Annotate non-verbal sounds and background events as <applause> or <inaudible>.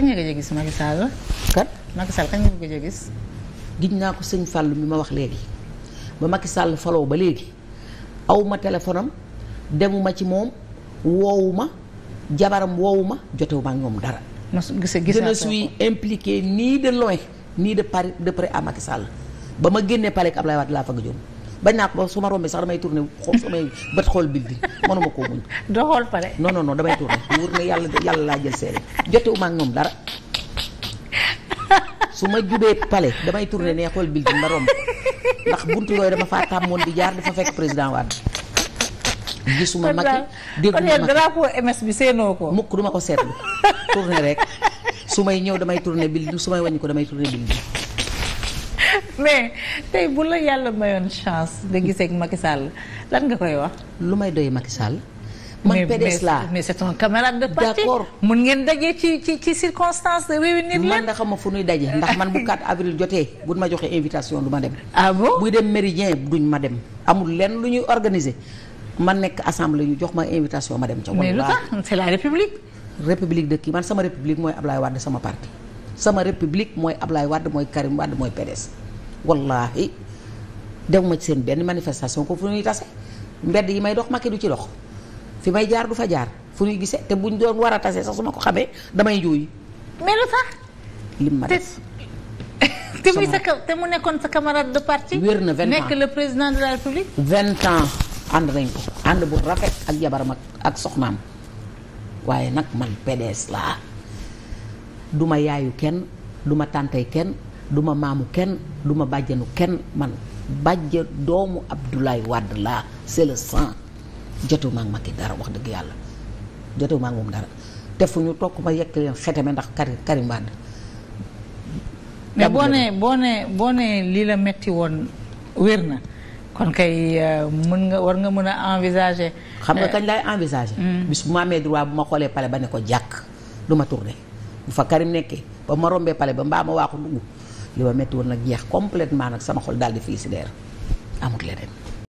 kañ nga gëj gis Macky Sall. kan Macky Sall kañ nga gëj a gis. gis naa ko sëñ fàll mi ma wax léegi ba Macky Sall faloo ba léegi aw ma am demuma ci moom woowu jabaram woowu ma jotewu ma ak ñoom dara. ma gisee gis naa suy impliqué nii de loin nii de pari de près à Macky ba ma génnee pare ak Ablaye Wade laa a gëjoon. bañ naa ko su ma rombee sax damay tourné xool samay bët xool bindi mënuma koo muñ doo xool pare non non damay tourné wóor na yàlla yàlla laa jël seede jotewuma ak ñoom dara su ma jubee pale damay tourné ne xool bindi ma romb ndax buntu yooyu dama faa tàmmoon di jaar dafa fekk président Wade gisuma Macky dégguma Macky kon drapeau MS bi seenoo ko mukk duma ko seetlu tourné rek su may ñëw damay tourné bindi su may wañ ko damay tourné bindi <laughs> mais tey bu la yàlla mayoon chance de gisee ak Macky Sall lan nga koy wax. lu may doy Macky Sall. man PDS laa mais c'est un camarade de parti. d'accord mun ngeen dajee ci ci ci circonstance de réunir leen. man da xam fu nuy daje ndax man bu 4 <laughs> avril jotee bu ma joxee invitation du ma dem. ah bon buy dem méridien duñ ma dem. amul lenn lu ñuy organiser man nekk assemblée ñu jox ma invitation ma dem ca. mais lu tax c'est la république. république de kii man sama république mooy Ablaye Wade sama parti sama république mooy Ablaye Wade mooy Karim Wade mooy PDS. wallaahi demuma ci seen benn manifestation ko fu ñuy tase mbedd yi may dox Macky du ci dox fi may jaar du fa jaar fu ñuy gisee te bu ñu doon war a tasee sax su ma ko xamee damay jooy. mais lu tax. lim ma def <laughs> te mu nekkoon sa camarade de parti. wér na vingt ans nekk le président de la république. ànd nañ ko ànd bu rafet ak jabaram ak soxnaam waaye nag man PDS laa duma yaayu kenn duma tàntay kenn. du ma maamu kenn du ma bàjjanu kenn man bàjja doomu Abdoulaye Wade laa c'est le sang jotuma ak Macky dara wax dëgg yàlla jotuma ak moom dara te fu ñu toog ma yekk leen xeteme ndax Karim Karim Wade mais boo nee boo nee boo nee lii la metti woon wér na kon kay euh, mën nga war nga mën a envisager. xam nga euh, kañ laay envisager. Mm. bis bu ma amee droit bu ma xoolee pale ba ne ko jàkk du ma bu fa Karim nekkee ba ma rombee pale ba mbaa ma waaxu dugg li ma métti woon nag jeex complètement nag sama xol daal di féliciter amut leneen.